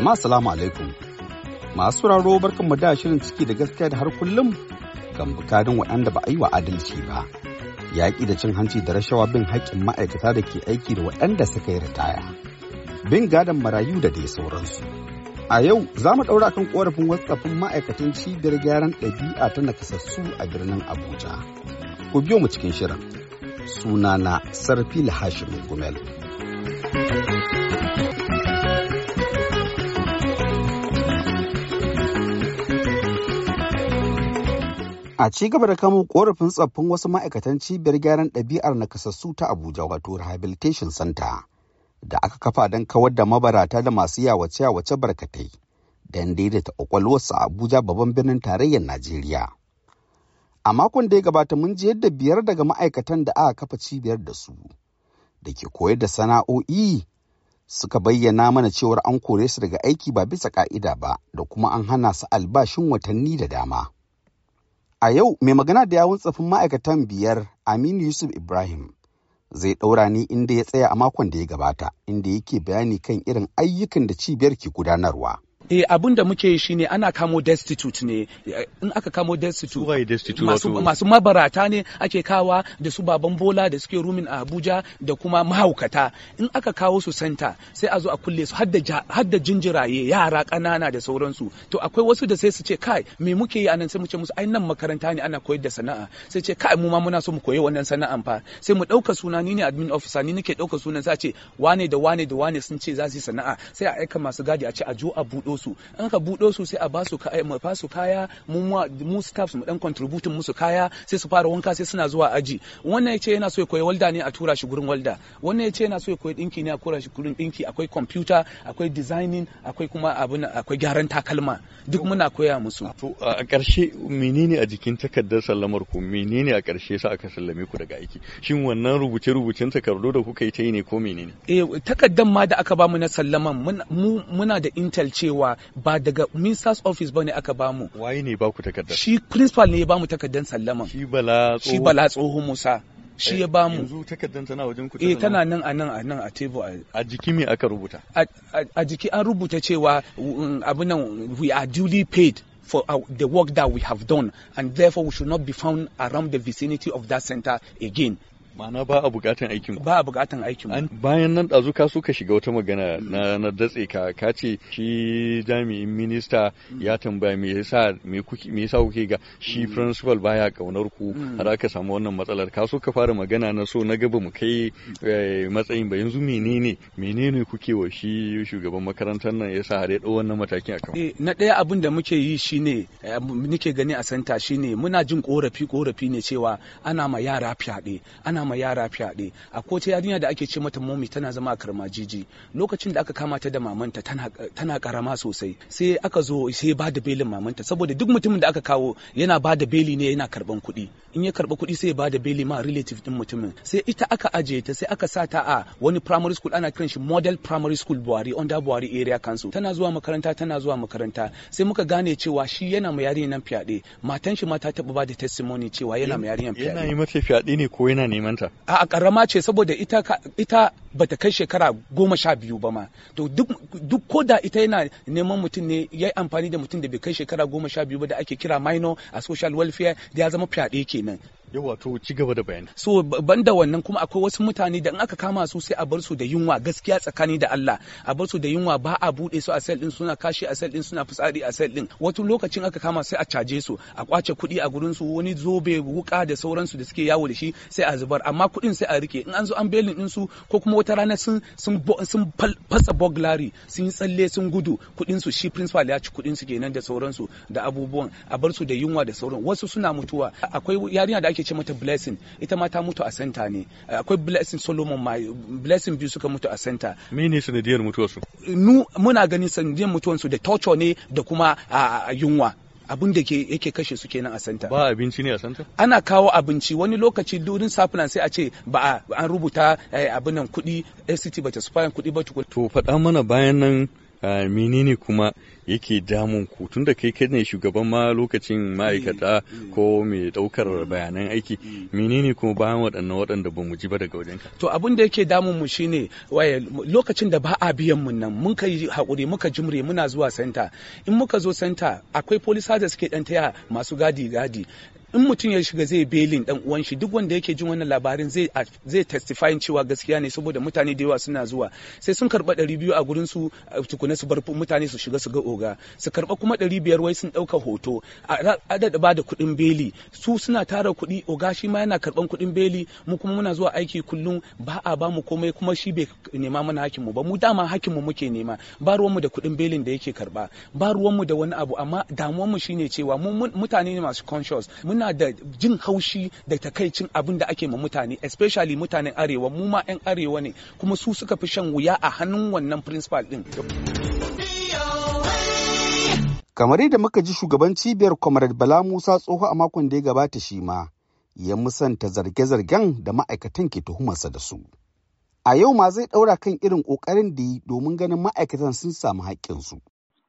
Jama'a salamu alaikum. Masu raro barkanmu da shirin ciki da gaskiya da har kullum kan bukadin waɗanda ba a yi wa adalci ba. Yaƙi da cin hanci da rashawa bin haƙƙin ma'aikata da ke aiki da waɗanda suka yi ritaya. Bin gadon marayu da dai sauransu. A yau za mu ɗaura kan ƙorafin watsafin ma'aikatan cibiyar gyaran ɗabi'a ta nakasassu a birnin Abuja. Ku biyo mu cikin shirin. Sunana Sarfil Hashim Gumel. thank you A ci gaba da kamo korafin tsaffin wasu ma'aikatan cibiyar gyaran ɗabi'ar nakasassu ta Abuja wato Rehabilitation Center da aka kafa don kawar da mabarata da masu yawace-yawace barkatai don daidaita kwakwalwarsu a Abuja babban birnin tarayyar Najeriya. A makon da ya gabata mun ji yadda biyar daga ma'aikatan da aka kafa cibiyar da su da ke koyar da sana'o'i suka bayyana mana cewar an kore su daga aiki ba bisa ka'ida ba da kuma an hana su albashin watanni da dama. A yau mai magana da yawun tsafin ma'aikatan biyar Aminu Yusuf Ibrahim zai ɗaura ni inda ya tsaya a makon da ya gabata inda yake bayani kan irin ayyukan da cibiyar ke gudanarwa. eh abin da muke shi ne ana kamo destitute ne eh, in aka kamo destitute masu mabarata ne ake kawa da su baban bola da suke rumin a abuja da kuma mahaukata in aka kawo su santa sai a zo a kulle su har da jinjiraye yara ƙanana da sauransu to akwai wasu da sai su ce kai me muke yi anan sai mu ce musu ai nan makaranta ne ana koyar da sana'a sai ce kai mu ma muna so mu koyi wannan sana'an fa sai mu ɗauka suna ni ne admin officer ni nake ɗauka sunan sai ce wane da wane da wane sun ce za su yi sana'a sai a aika masu gadi a ce a jo a buɗo su in ka buɗo su sai a ba su kaya mu su kaya mu mu staffs mu dan contributing musu kaya sai su fara wanka sai suna zuwa aji wannan yace yana so ya koyi walda ne a tura shi gurin walda wannan yace yana so ya koyi dinki ne a kura shi gurin dinki akwai computer akwai designing akwai kuma abin akwai gyaran takalma duk muna koya musu to a ƙarshe menene a jikin takardar sallamar ku menene a ƙarshe sa aka sallame ku daga aiki shin wannan rubuce rubucen takardu da kuka yi ta yi ne ko menene eh takardar ma da aka ba mu na sallaman muna da intel cewa ba daga minister's office ba ne aka ba mu waye ne ba ku takardar shi principal ne ya ba mu takardar sallama shi bala tsoho shi bala tsoho musa shi ya eh, ba mu yanzu takardar tana wajen ku eh tana nan a nan a nan a table a jiki me aka rubuta a jiki an rubuta cewa mm, abu nan we are duly paid for our, the work that we have done and therefore we should not be found around the vicinity of that center again Ma'ana ba a bukatan aikin Ba a bukatan aikin Bayan nan ɗazu ka so ka shiga wata magana na, na datse ka ka ce shi jami'in minista mm. ya tambaya me yasa me yasa kuke ga shi mm. principal baya kaunar ku mm. har aka samu wannan matsalar ka so ka fara magana na so na gaba mu kai eh, matsayin ba yanzu menene menene kuke wa shi shugaban makarantar nan yasa har ya dau wannan matakin akan eh, na daya abin da muke yi shine nake eh, gani a santa shine muna jin korafi korafi ne cewa ana ma yara fyaɗe ana ana ma yara fyaɗe a ta yarinya da ake ce mata momi tana zama karma jiji lokacin da aka kama ta da mamanta tana karama sosai sai aka zo sai ba da belin mamanta saboda duk mutumin da aka kawo yana ba da beli ne yana karban kuɗi in ya karba kuɗi sai ya ba da beli ma relative din mutumin sai ita aka aje ta sai aka sa ta a wani primary school ana kiran shi model primary school buhari under buhari area council tana zuwa makaranta tana zuwa makaranta sai muka gane cewa shi yana ma yarinya nan fyaɗe matan shi ma ta taɓa ba da testimony cewa yana ma yarinya fyaɗe yana yi mata fyaɗe ne ko yana neman sunanta a karama ce saboda ita ita bata kai shekara goma sha biyu ba ma to duk ko da ita yana neman mutum ne ya yi amfani da mutum da bai kai shekara goma sha biyu ba da ake kira minor a social welfare da ya zama fyaɗe kenan yawa wato ci gaba da bayani so banda wannan kuma akwai wasu mutane da in aka kama su sai a bar su da yunwa gaskiya tsakani da Allah a bar su da yunwa ba a bude su a sel din suna kashi a sel din suna fitsari a sel din wato lokacin aka kama sai a caje su a kwace kuɗi a gurin su wani zobe wuka da sauransu da suke yawo da shi sai a zubar amma kuɗin sai a rike in an zo an belin din su ko kuma wata rana sun sun sun fasa burglary sun yi tsalle sun gudu kuɗin su shi principal ya ci kuɗin su kenan da sauransu da abubuwan a bar su da yunwa da sauran wasu suna mutuwa akwai yarinya da ake ce mata blessing ita ma ta mutu a center ne akwai blessing solomon ma blessing biyu suka mutu a center mene sanadiyar mutuwarsu nu muna ganin sanadiyar mutuwarsu da torture ne da kuma yunwa abin da yake kashe su kenan a santa ba abinci ne a santa ana kawo abinci wani lokaci durin safinan sai a ce ba an rubuta eh, abin nan kuɗi act bata su kuɗi ba tukun to faɗa mana bayan nan menene kuma yake damun ku tun da kai ne shugaban ma lokacin ma'aikata ko mai daukar bayanan aiki menene kuma bayan waɗannan waɗanda ba mu ji ba daga wajen ka. to abin da yake damun mu shine waye lokacin da ba a biyan mun nan mun kai hakuri muka jimre muna zuwa senta in muka zo senta akwai police da suke dan taya masu gadi gadi in mutum ya shiga zai belin dan uwan shi duk wanda yake jin wannan labarin zai zai testify cewa gaskiya ne saboda mutane da yawa suna zuwa sai sun karba 200 a gurin su tukuna su bar mutane su shiga su ga oga su karba kuma 500 wai sun dauka hoto adada ba da kuɗin beli su suna tara kuɗi oga shi ma yana karban kuɗin beli mu kuma muna zuwa aiki kullum ba a ba mu komai kuma shi bai nema mana hakkin mu ba mu dama hakkin mu muke nema ba ruwan mu da kuɗin belin da yake karba ba ruwan mu da wani abu amma damuwan mu shine cewa mu mutane ne masu conscious mun suna da jin haushi da takaicin abin da ake ma mutane especially mutanen arewa mu ma 'yan arewa ne kuma su suka fi shan wuya a hannun wannan principal din. kamar yadda muka ji shugaban cibiyar comrade bala musa tsoho a makon da ya gabata shi ma ya musanta zarge-zargen da ma'aikatan ke tuhumarsa da su a yau ma zai ɗaura kan irin ƙoƙarin da yi domin ganin ma'aikatan sun samu haƙƙinsu.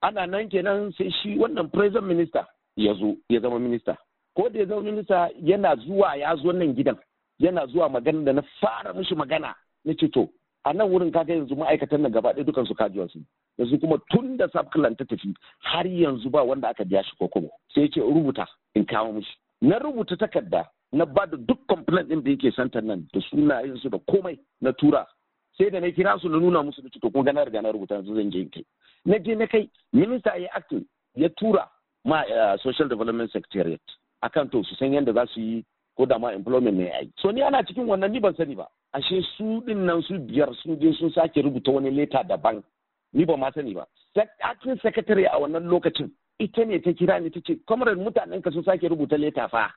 ana nan kenan sai shi wannan president minister ya zo ya zama minista ko da ya zama minista yana zuwa ya zo nan gidan yana zuwa magana da na fara mishi magana na ce to a nan wurin kaga yanzu ma'aikatan nan gaba ɗaya dukansu kajuwansu yanzu kuma tun da sabkilan ta tafi har yanzu ba wanda aka biya shi ko kuma sai ya ce rubuta in kawo mishi na rubuta takarda na ba da duk complaint ɗin da yake santar nan da sunayen su da komai na tura sai da na kira su na nuna musu da ko gana riga na rubuta yanzu zan je kai na je na kai minista ya acting ya tura ma eh, social development secretariat akan to su san yadda za su yi ko da ma employment ne ai so ni ana cikin wannan ni ban sani ba ashe su din nan su biyar sun je sun sake rubuta wani leta daban ni ba ma sani ba akin secretary a wannan lokacin ita ne ta kira ni ta ce comrade mutanen ka sun sake rubuta leta fa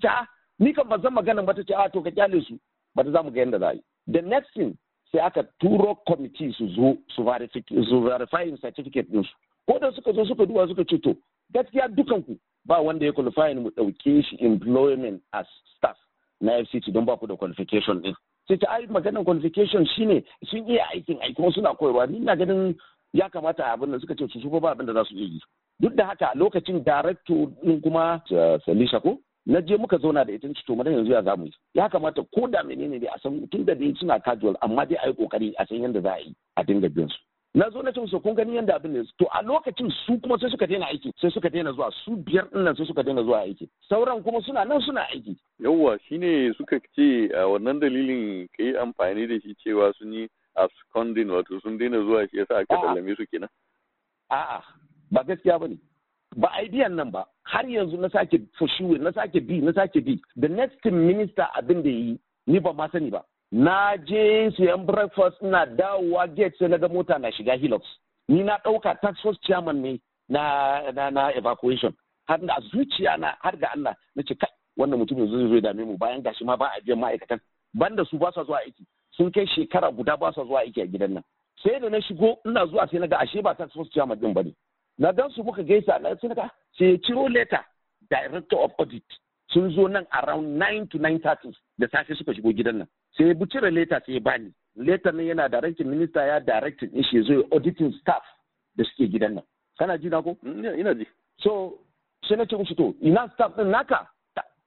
ta ah, ni kan ban san magana ba ta ce a ah, to ka kyale su ba ta za mu ga yadda za yi the next thing sai aka turo committee su zo su verifying certificate din su ko da suka zo suka duba suka ce to gaskiya dukan ku ba wanda ya qualify mu dauke shi employment as staff na FCT don ba ku da qualification din sai ta ai maganar qualification shine sun iya aikin aiki kuma suna koyarwa ni na ganin ya kamata abin da suka ce su ba abin da za su iya yi duk da haka lokacin director din kuma Salisha eh, ko na je muka zauna da ita to madan yanzu ya zamu ya kamata ko da menene ne a san tun da dai suna casual amma dai a yi kokari a san yadda za a yi a dinga bin su na zo na ce musu kun gani yadda abin ne to a lokacin su kuma sai suka daina aiki sai suka daina zuwa su biyar din nan sai suka daina zuwa aiki sauran kuma suna nan suna aiki yawwa shine suka ce a wannan dalilin kai amfani da shi cewa sun yi absconding wato sun daina zuwa shi yasa aka sallame su kenan a'a ba gaskiya bane ba idea nan ba har yanzu na sake fushiwe na sake bi na sake bi the next minister abin da yi ni ba ma sani ba na je siyan breakfast ina dawowa gate sai na ga mota na shiga hilux ni na ɗauka tax force chairman ne na na na evacuation har da zuciya na har ga Allah na ce kai wannan mutum yanzu zai dame mu bayan gashi ma ba a biyan ma'aikatan banda su ba sa zuwa aiki sun kai shekara guda ba sa zuwa aiki a gidan nan sai da na shigo ina zuwa sai na ga ashe ba tax force chairman din bane na dan su muka gaisa na sai ka sai ya ciro letter director of audit sun zo nan around 9 to 9:30 da safe suka shigo gidan nan sai ya cire leta sai ya bani leta nan yana da directing minista ya directing din shi zai auditing staff da suke gidan nan kana ji na ko mm, ina ji so sai na ce musu to ina staff din naka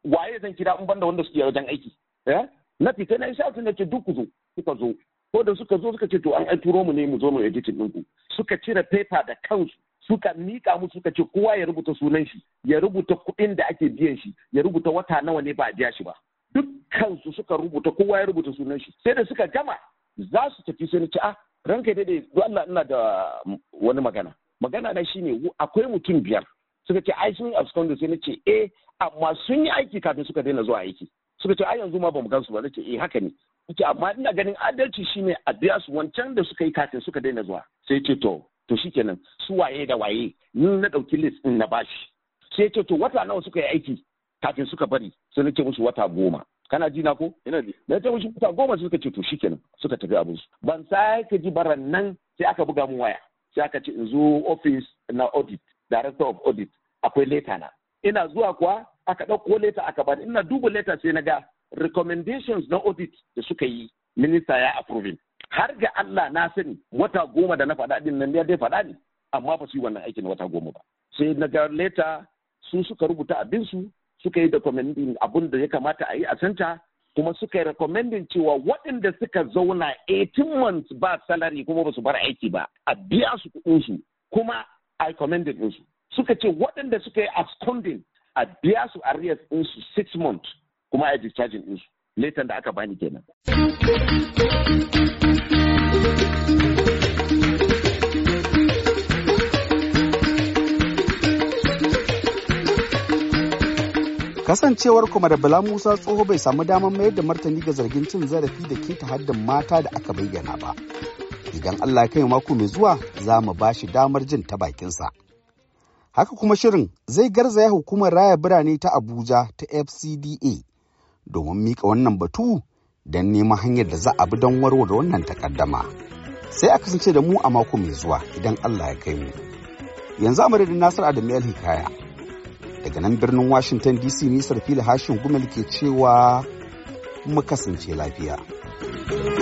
waye zan kira in banda wanda suke wajen aiki eh na fita na isa na ce duk ku zo suka zo ko da suka zo suka ce to an an turo mu ne mu zo mu editing din ku suka cire paper da kansu suka mika mu suka ce kowa ya rubuta sunan shi ya rubuta kuɗin da ake biyan shi ya rubuta wata nawa ne ba a biya shi ba dukkansu suka rubuta kowa ya rubuta sunan shi sai da suka gama za su tafi sai na ce a ah, ranka dai-dai, don Allah ina da wani magana magana na shine akwai mutum biyar suka ce ai sun askondo sai na ce eh amma sun yi aiki kafin suka daina zuwa aiki suka ce ai yanzu ma bamu gansu ba na ce eh haka ne ce amma ina ganin adalci shine a biya su wancan da suka yi kafin suka daina zuwa sai ce to to shikenan su waye da waye ni na dauki list din na bashi sai ce to wata nawa suka yi aiki kafin suka bari sai nake musu wata goma kana ji na ko ina ji da ta musu wata goma suka ce to shikenan suka tafi abin su ban ka ji baran nan sai aka buga mu waya sai aka ce in zo office na audit director of audit akwai leta na ina zuwa kuwa aka ɗauko leta aka bani ina duba leta sai na ga recommendations na audit da suka yi minista ya approve har ga Allah na sani wata goma da na faɗa din nan ya dai faɗa ne amma ba su yi wannan aikin wata goma ba sai na ga leta su suka rubuta abin su. suka yi recommending abin da ya kamata a yi a canta kuma suka yi recommending cewa waɗanda suka zauna 18 months ba salary kuma ba su bar aiki ba a biya su kuɗin su kuma a recommended ɗinsu suka ce waɗanda suka yi absconding a biya su arrears ɗinsu 6 months kuma a discharging ɗinsu letan da aka bani kenan. Kasancewar kuma da Bala Musa tsoho bai samu damar mayar da martani ga zargin cin zarafi da ke ta haddin mata da aka bayyana ba. Idan Allah ya kai mako mai zuwa za mu ba shi damar jin ta bakinsa. Haka kuma shirin zai garzaya hukumar raya birane ta Abuja ta FCDA domin mika wannan batu don neman hanyar da za a bi don warware wannan takaddama. Sai a kasance da mu a mako mai zuwa idan Allah ya kai mu. Yanzu a madadin Nasir Adamu Hikaya. daga nan birnin washington dc nisar fili hashin gumel ke cewa muka kasance lafiya.